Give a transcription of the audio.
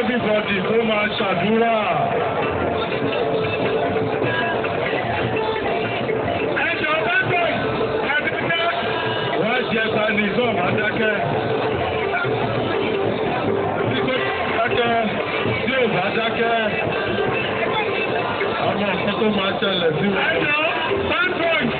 everybody kó máa ṣàdúrà. ẹ̀jọ̀ bá bẹ̀ ẹ̀dẹ́gbẹ́ wá jẹ́ ta ní ìzọ́ máa dákẹ́. bí kò dákẹ́ tí ò bá dákẹ́ àmọ́ nǹkan tó máa ṣẹlẹ̀ sí wọn. ẹ̀jọ̀ bá